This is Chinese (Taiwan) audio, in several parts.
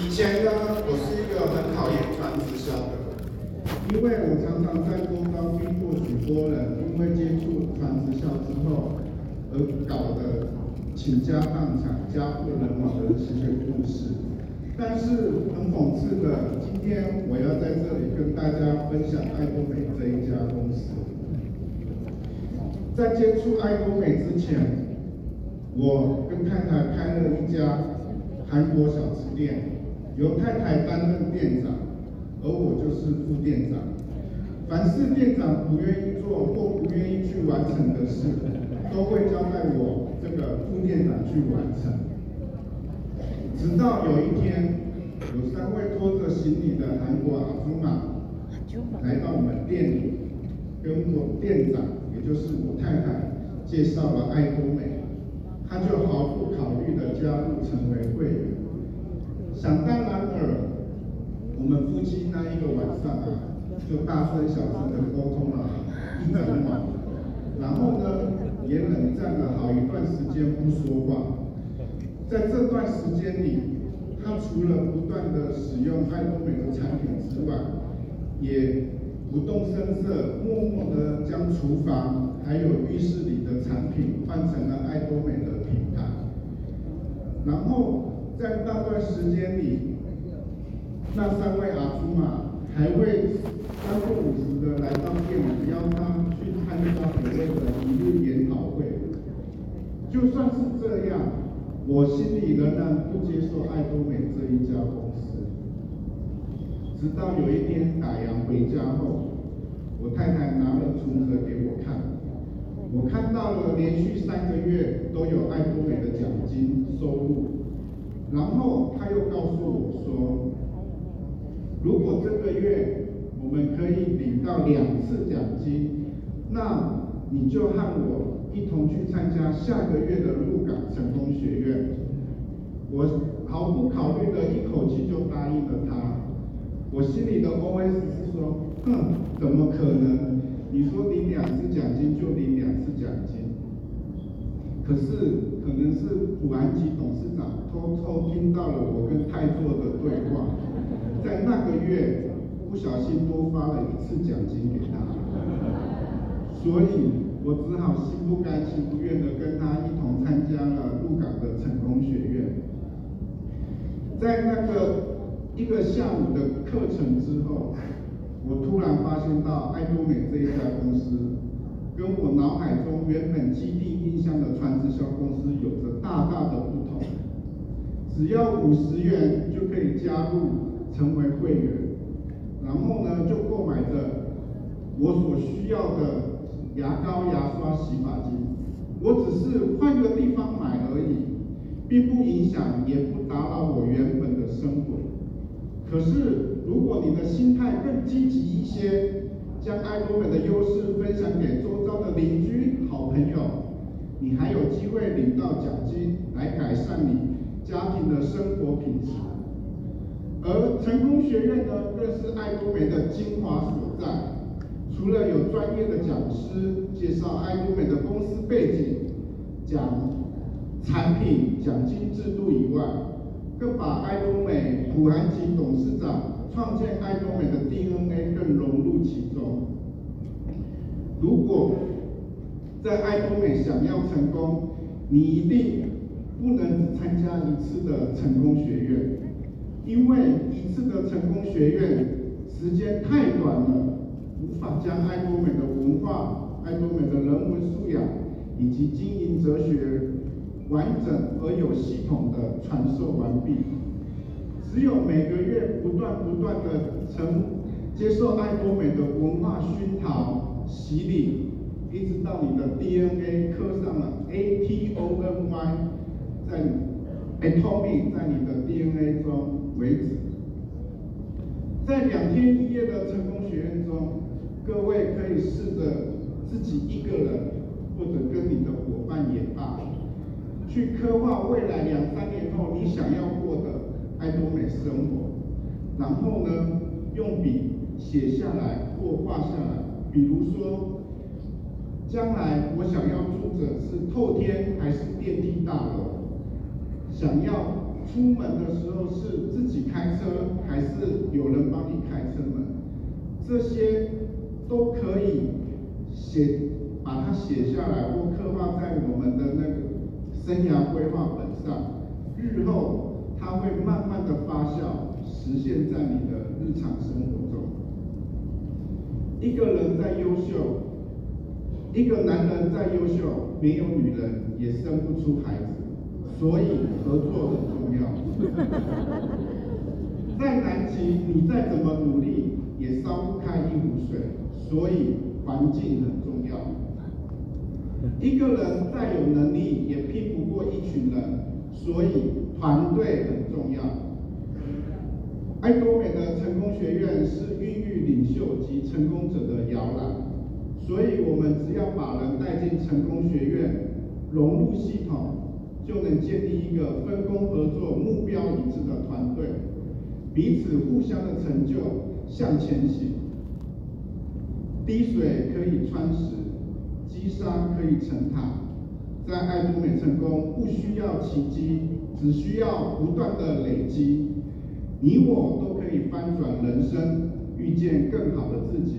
以前呢，我是一個很討厭傳直銷的，因為我常常在公方聽過許多人因為接觸傳直銷之後而搞得傾家蕩產、家破人亡的淒慘故事。但是很諷刺的，今天我要在這裡跟大家分享艾多美這一家公司。在接觸愛多美之前，我跟太太開了一家韓國小吃店，由太太擔任店長，而我就是副店長。凡是店長不願意做或不願意去完成的事，都會交代我這個副店長去完成。直到有一天，有三位拖着行李的韓國阿叔瑪來到我們店裡，跟我店長。也就是我太太介紹了艾多美，她就毫不考慮的加入成為會員。想當然爾，我們夫妻那一個晚上啊，就大聲小聲的溝通了， 然後呢，也冷戰了好一段時間不說話。在這段時間裡，她除了不斷的使用艾多美的產品之外，也不動聲色，默默的將。廚房還有浴室裡的產品換成了愛多美的品牌，然後在那段時間裡，那三位阿祖瑪還會三不五時的來到店裡邀他們去參加所謂的理論研討會。就算是這樣，我心裡仍然不接受愛多美這一家公司。直到有一天打烊回家後，我太太拿了存摺給我看，我看到了連續三個月都有愛多美的獎金收入，然後她又告訴我說，如果這個月我們可以領到兩次獎金，那你就和我一同去參加下個月的鹿港成功學院，我毫不考慮的一口氣就答應了她，我心裡的 OS 是說。那、嗯、怎麼可能？你說領兩次獎金就領兩次獎金，可是可能是普安吉董事長偷偷聽到了我跟太座的對話，在那個月不小心多發了一次獎金給他，所以我只好心不甘情不願的跟他一同參加了鹿港的成功學院，在那個一個下午的課程之後。看到艾多美這一家公司，跟我腦海中原本既定印象的傳直銷公司有着大大的不同。只要五十元就可以加入成為會員，然後呢就購買着我所需要的牙膏、牙刷、洗髮精。我只是換個地方買而已，並不影響，也不打擾我原本的生活。可是，如果你的心態更積極一些，將愛多美的優勢分享給周遭的鄰居、好朋友，你還有機會領到獎金，來改善你家庭的生活品質。而成功學院呢，更是愛多美的精華所在。除了有專業的講師介紹愛多美的公司背景、講產品、獎金制度以外，更把艾多美普蘭吉董事長創建艾多美的 DNA 更融入其中。如果在艾多美想要成功，你一定不能只參加一次的成功學院，因為一次的成功學院時間太短了，無法將艾多美的文化、艾多美的人文素養以及經營哲學。完整而有系統的傳授完畢。只有每個月不斷不斷的承接受愛多美的文化熏陶、洗禮，一直到你的 DNA 刻上了 Atomy，在你 Atomy 在你的 DNA 中為止。在兩天一夜的成功學院中，各位可以試着自己一個人，或者跟你的伙伴演。去刻畫未來兩三年後你想要過的愛多美生活，然後呢，用筆寫下來或畫下來，比如說，將來我想要住的是透天還是電梯大樓，想要出門的時候是自己開車還是有人幫你開車門，這些都可以寫，把它寫下來或刻畫在我們的那個，生涯規劃本上，日後它會慢慢的發酵，實現在你的日常生活中。一個人再優秀，一個男人再優秀，沒有女人也生不出孩子，所以合作很重要。 在南極，你再怎麼努力，也燒不開一壺水，所以環境很重要。一個人再有能力，也拼不過一群人，所以團隊很重要。艾多美的成功學院是孕育領袖及成功者的搖籃，所以我們只要把人帶進成功學院，融入系統，就能建立一個分工合作、目標一致的團隊，彼此互相的成就，向前行。滴水可以穿石。成塔，在愛裡面成功不需要奇蹟，只需要不斷的累積。你我都可以翻轉人生，遇見更好的自己。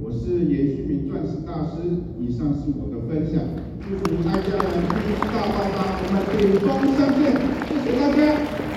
我是嚴勖銘鑽石大師，以上是我的分享。祝大家人運勢大爆發，我們頂峰相見，謝謝大家。